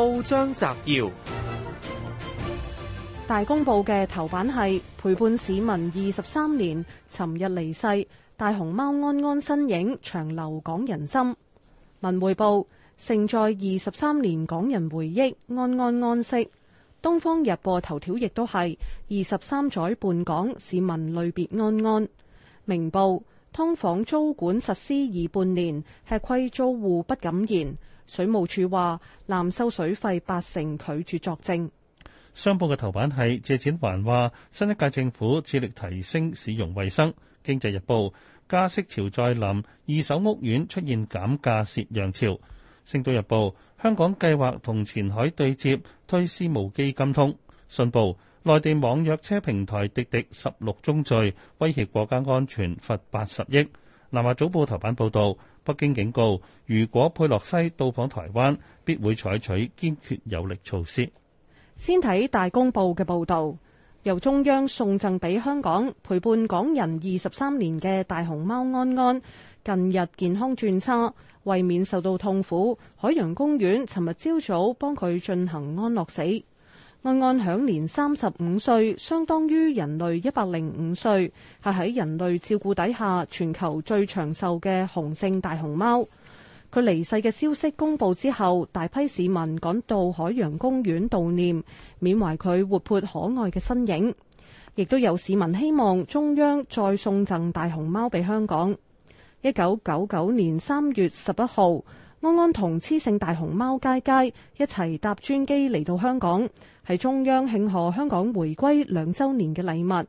報章摘要：大公報嘅頭版係陪伴市民二十三年，尋日離世大熊貓安安身影長留港人心。文匯報承載二十三年港人回憶，安安安息。東方日報頭條亦都係二十三載半港市民淚別安安。明報通房租管實施已半年，吃虧租戶不敢言。水務署話濫收水費，八成拒絕作證。商報嘅頭版係謝展寰話，新一屆政府致力提升市容衛生。經濟日報加息潮再臨，二手屋苑出現減價涉陽潮。星島日報香港計劃同前海對接，推私募基金通。信報內地網約車平台滴滴十六宗罪，威脅國家安全罰，罰八十億。《南華早報》頭版報道，北京警告，如果佩洛西到訪台灣，必會採取堅決有力措施。先睇大公報嘅報道，由中央送贈俾香港陪伴港人二十三年嘅大熊貓安安，近日健康轉差，為免受到痛苦，海洋公園尋日朝早幫佢進行安樂死。安安享年三十五歲，相當於人類一百零五歲，係喺人類照顧底下全球最長壽嘅雄性大熊貓。佢離世嘅消息公布之後，大批市民趕到海洋公園悼念，緬懷佢活潑可愛嘅身影。亦都有市民希望中央再送贈大熊貓俾香港。一九九九年三月十一號。安安同雌性大熊貓佳佳一齊搭專機嚟到香港，係中央慶賀香港回歸兩周年嘅禮物。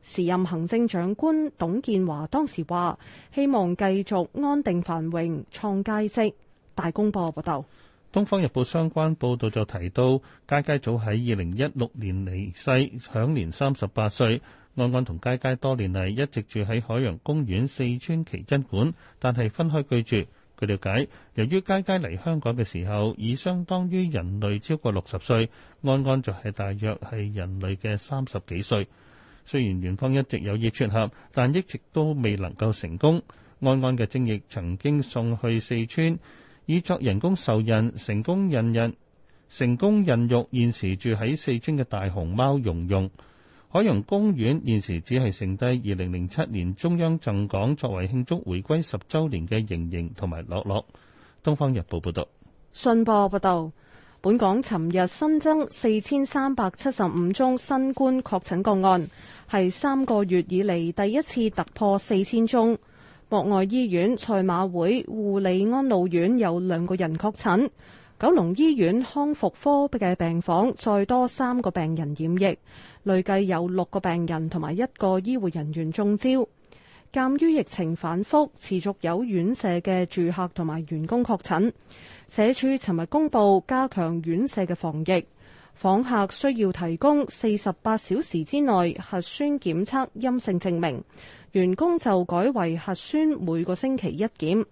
時任行政長官董建華當時話：希望繼續安定繁榮，創佳績。大公報報道，《東方日報》相關報道就提到，佳佳早喺二零一六年離世，享年三十八歲。安安同佳佳多年嚟一直住喺海洋公園四川奇珍館，但係分開居住。據了解，由於佳佳嚟香港嘅時候已相當於人類超過六十歲，安安就係大約係人類嘅三十幾歲。雖然園方一直有意撮合，但一直都未能夠成功。安安嘅精液曾經送去四川，以作人工受孕，成功孕孕成功孕育，現時住喺四川嘅大熊貓蓉蓉。海洋公園現時只係剩低二零零七年中央贈港作為慶祝回歸十週年嘅盈盈同埋樂樂。《東方日報》報道：「信報報道，本港尋日新增四千三百七十五宗新冠確診個案，係三個月以嚟第一次突破四千宗。博愛醫院、賽馬會護理安老院有兩個人確診。九龍醫院康復科嘅病房再多三個病人染疫，累計有六個病人同埋一個醫護人員中招。鑒於疫情反覆持續有院舍嘅住客同埋員工確診，社署尋日公布加強院舍嘅防疫。訪客需要提供四十八小時之內核酸檢測陰性證明，員工就改為核酸每個星期一檢。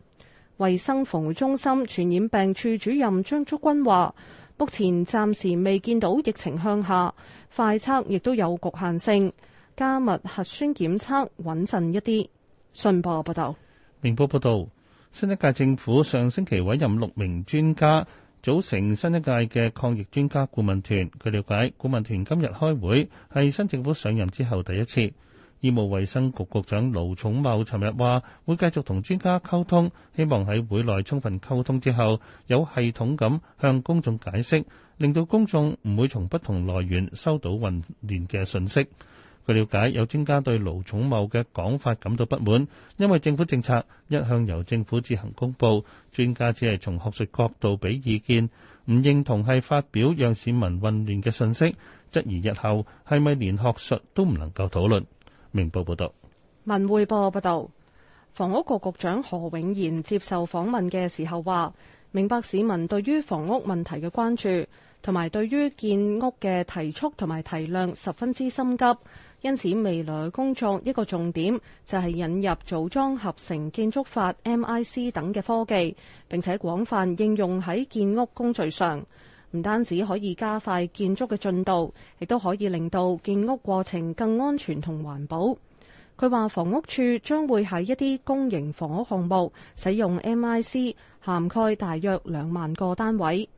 衛生防護中心傳染病處主任張竹君話，目前暫時未見到疫情向下，快測亦都有局限性，加密核酸檢測穩陣一啲。信報報道，明報報道，新一屆政府上星期委任六名專家組成新一屆嘅抗疫專家顧問團。據了解，顧問團今日開會係新政府上任之後第一次。醫務衛生局局長盧寵茂尋日話，會繼續同專家溝通，希望喺會內充分溝通之後，有系統咁向公眾解釋，令到公眾唔會從不同來源收到混亂嘅信息。據了解，有專家對盧寵茂嘅講法感到不滿，因為政府政策一向由政府自行公布，專家只係從學術角度俾意見，唔認同係發表讓市民混亂嘅信息，質疑日後係咪連學術都唔能夠討論。明報報道，文匯報報道，房屋局局長何永賢接受訪問嘅時候話，明白市民對於房屋問題嘅關注，同埋對於建屋嘅提速同埋提量十分之心急，因此未來工作一個重點就係引入組裝合成建築法 （MIC） 等嘅科技，並且廣泛應用喺建屋工序上。唔單止可以加快建築嘅進度，亦都可以令到建屋過程更安全同環保。佢話，房屋處將會喺一啲公營房屋項目使用 MIC，涵蓋大約兩萬個單位。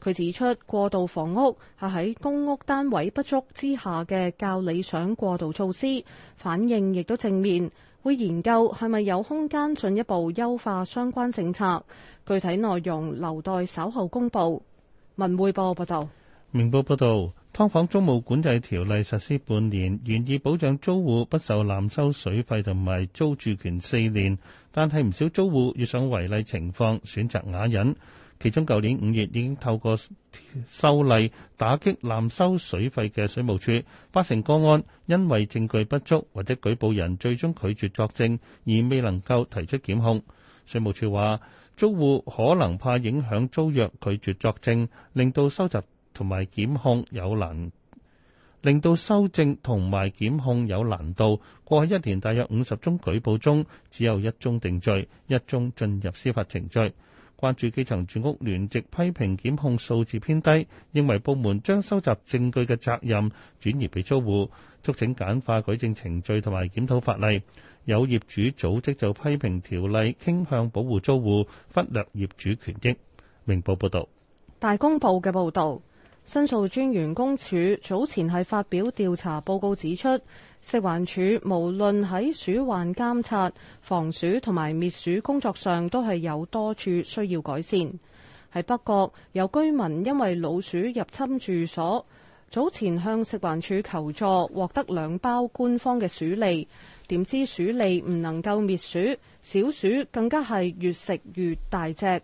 佢指出，過渡房屋係喺公屋單位不足之下嘅較理想過渡措施，反應亦都正面。會研究係咪有空間進一步優化相關政策，具體內容留待稍後公佈。文匯報報道。明報報道，劏房租務管制條例實施半年，原意保障租戶不受濫收水費同埋租住權四年，但係唔少租戶遇上違例情況，選擇啞忍。其中，舊年五月已經透過修例打擊濫收水費嘅水務署，八成個案因為證據不足或者舉報人最終拒絕作證，而未能夠提出檢控。水務署話。租戶可能怕影響租約，拒絕作證，令到收集同埋檢控有難度，令到修正同埋檢控有難度。過去一年，大約五十宗舉報中，只有一宗定罪，一宗進入司法程序。關注基層住屋聯席批評檢控數字偏低，認為部門將收集證據嘅責任轉移畀租戶，促請簡化舉證程序同埋檢討法例。有業主組織就批評條例傾向保護租戶，忽略業主權益。明報報道。大公報嘅報道，申訴專員公署早前係發表調查報告，指出食環署無論喺鼠患監察、防鼠同埋滅鼠工作上，都係有多處需要改善。喺北角有居民因為老鼠入侵住所，早前向食環署求助，獲得兩包官方嘅鼠利。點知鼠餌唔能夠滅鼠，小鼠更加係越食越大隻。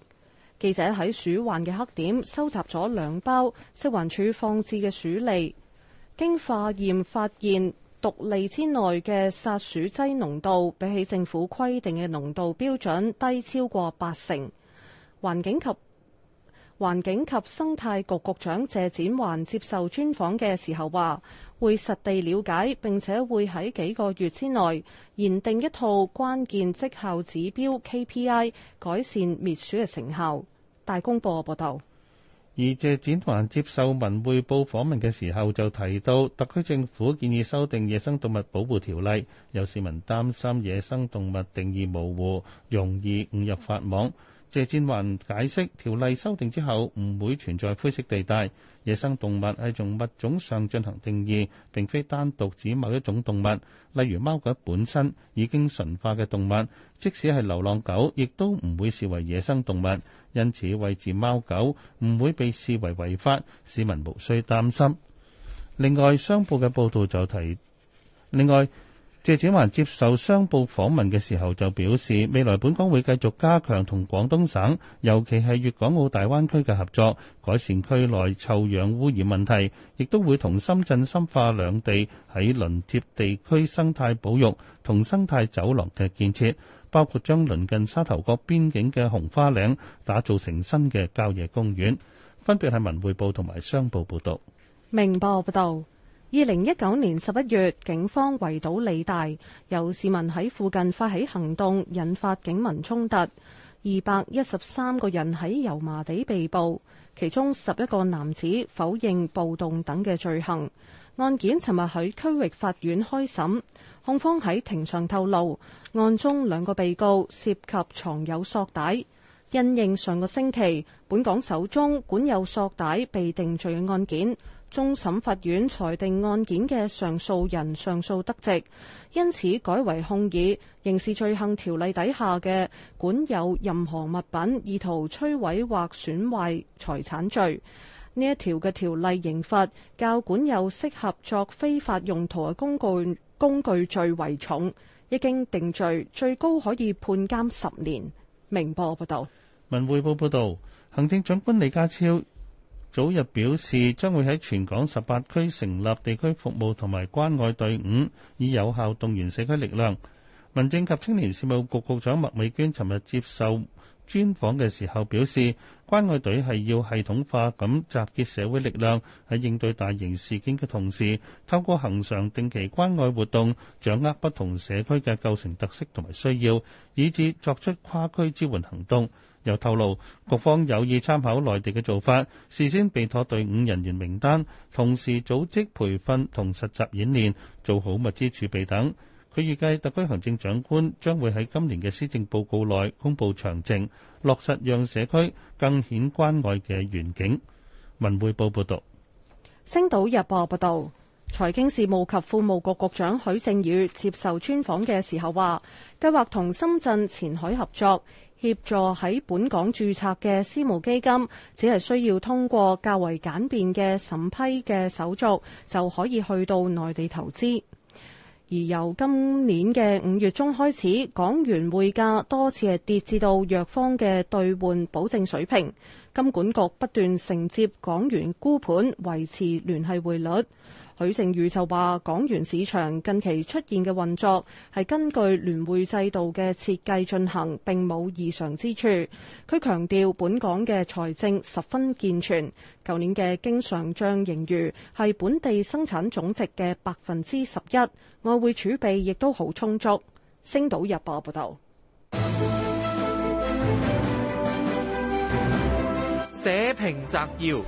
記者喺鼠患嘅黑點收集咗兩包食環署放置嘅鼠餌，經化驗發現毒餌之內嘅殺鼠劑濃度比起政府規定嘅濃度標準低超過八成。環境及環境及生態局局長謝展寰接受專訪嘅時候話。會實地了解，並且會喺幾個月之內研定一套關鍵績效指標 KPI，改善滅鼠嘅成效。大公報報道。而謝展寰接受文匯報訪問嘅時候就提到，特區政府建議修訂野生動物保護條例，有市民擔心野生動物定義模糊，容易誤入法網。謝展寰解釋條例修訂之後唔會存在灰色地帶，野生動物係從物種上進行定義，並非單獨指某一種動物。例如貓狗本身已經馴化嘅動物，即使係流浪狗，亦都唔會視為野生動物。因此餵食貓狗唔會被視為違法，市民無需擔心。另外，商報嘅報道就提另外。謝展寰接受商報訪問嘅時候就表示，未來本港會繼續加強同廣東省，尤其係粵港澳大灣區嘅合作，改善區內臭氧污染問題，亦都會同深圳深化兩地喺鄰接地區生態保育同生態走廊嘅建設，包括將鄰近沙頭角邊境嘅紅花嶺打造成新嘅郊野公園。分別係文匯報同埋商報報道。明報報道。二零一九年十一月，警方圍堵理大，有市民喺附近發起行動，引發警民衝突。二百一十三個人喺油麻地被捕，其中十一個男子否認暴動等嘅罪行。案件尋日喺區域法院開審，控方喺庭上透露，案中兩個被告涉及藏有索帶。因應上個星期，本港首宗管有索帶被定罪嘅案件。終審法院裁定案件嘅上訴人上訴得直，因此改為控以刑事罪行條例底下嘅管有任何物品意圖摧毀或損壞財產罪。呢一條嘅條例刑罰較管有適合作非法用途嘅工具工具罪為重，一經定罪，最高可以判監十年。明報報道，文匯報報道，行政長官李家超，早日表示將會喺全港十八區成立地區服務同埋關愛隊伍，以有效動員社區力量。民政及青年事務局局局長麥美娟尋日接受專訪嘅時候表示，關愛隊係要系統化咁集結社會力量，喺應對大型事件嘅同時，透過恒常定期關愛活動掌握不同社區嘅構成特色同埋需要，以至作出跨區支援行動。又透露各方有意參考內地嘅做法，事先備妥隊伍人員名單，同時組織培訓同實習演練，做好物資儲備等。佢預計特區行政長官將會喺今年嘅施政報告內公布詳情，落實讓社區更顯關愛嘅願景。文匯報報道。星島日報報道，財經事務及庫務局局長許正宇接受專訪嘅時候話計劃同深圳前海合作協助喺本港註冊嘅私募基金，只係需要通過較為簡便嘅審批嘅手續，就可以去到內地投資。而由今年嘅五月中開始，港元匯價多次係跌至到弱方嘅兌換保證水平，金管局不斷承接港元沽盤，維持聯繫匯率。許正宇就話，港元市場近期出現嘅運作係根據聯匯制度嘅設計進行，並冇異常之處。佢強調，本港嘅財政十分健全，舊年嘅經常賬盈餘係本地生產總值嘅百分之十一，外匯儲備亦都好充足。星島日報報道。社評摘要。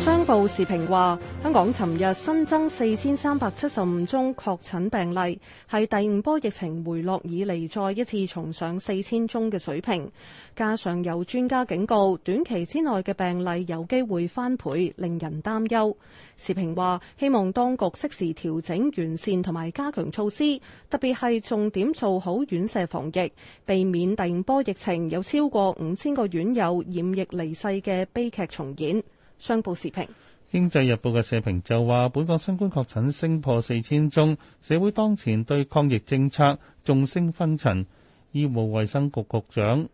商報時評話：香港尋日新增四千三百七十五宗確診病例，係第五波疫情回落以嚟再一次重上四千宗嘅水平。加上有專家警告，短期之內嘅病例有機會翻倍，令人擔憂。時評話：希望當局適時調整、完善同埋加強措施，特別係重點做好院舍防疫，避免第五波疫情有超過五千個院友染疫離世嘅悲劇重演。商報時評，《經濟日報》嘅社評就話：本港新冠確診升破四千宗，社會當前對抗疫政策眾聲紛陳。醫務衛生局局長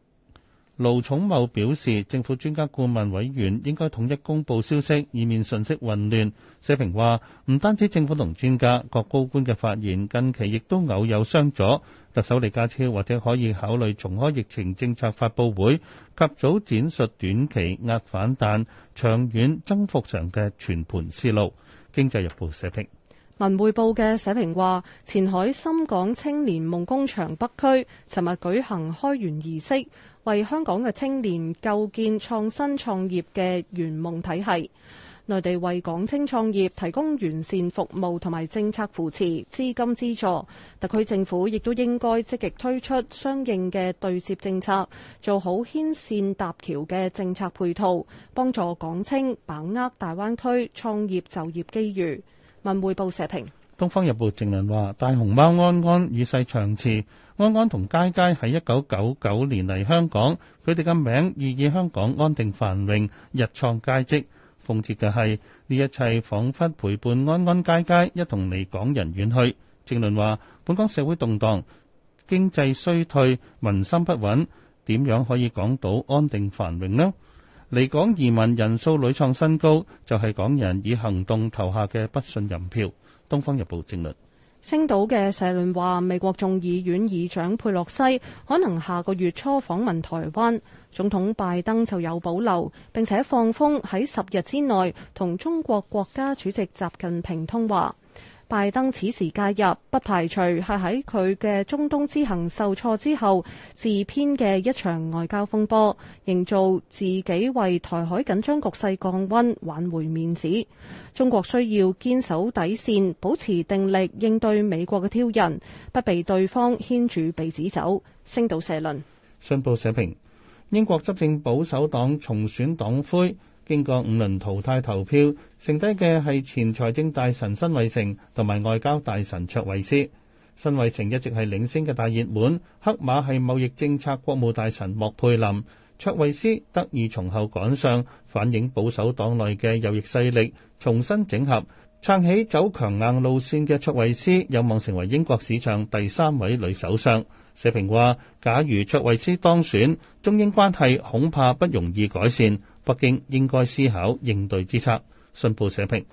盧寵茂表示，政府專家顧問委員應該統一公佈消息，以免信息混亂。社評話：唔單止政府同專家，各高官嘅發言近期亦都偶有相左。特首李家超或者可以考慮重開疫情政策發佈會，及早展述短期壓反彈、長遠增幅上嘅全盤思路。經濟日報社評，文匯報嘅社評話：前海深港青年夢工場北區尋日舉行開園儀式，為香港嘅青年構建創新創業嘅圓夢體系。內地為港青創業提供完善服務同埋政策扶持、資金資助。特區政府亦都應該積極推出相應嘅對接政策，做好牽線搭橋嘅政策配套，幫助港青把握大灣區創業就業機遇。文匯報社評，《東方日報》正論話：大熊貓安安與世長辭，安安同佳佳喺一九九九年嚟香港，佢哋嘅名寓意香港安定繁榮、日創佳績。奉節嘅係呢一切，仿佛陪伴安安佳佳一同離港人遠去。正論話本港社會動盪，經濟衰退，民心不穩，點樣可以講到安定繁榮呢？離港移民人數屢創新高，就係、是、港人以行動投下嘅不信任票。《東方日報》正論。星島嘅社論話，美國眾議院議長佩洛西可能下個月初訪問台灣，總統拜登就有保留，並且放風喺十日之內同中國國家主席習近平通話。拜登此時介入，不排除係喺佢嘅中東之行受挫之後自編嘅一場外交風波，營造自己為台海緊張局勢降溫、挽回面子。中國需要堅守底線，保持定力，應對美國嘅挑釁，不被對方牽住鼻子走，星島社論。信報社評：英國執政保守黨重選黨魁。經過五輪淘汰投票，剩低嘅係前財政大臣辛偉誠同埋外交大臣卓慧思。辛偉誠一直係領先嘅大熱門，黑馬係貿易政策國務大臣莫佩林。卓慧思得以從後趕上，反映保守黨內嘅右翼勢力重新整合，撐起走強硬路線嘅卓慧思有望成為英國史上第三位女首相。社評話：假如卓慧思當選，中英關係恐怕不容易改善。北京應該思考應對之策，信報社評。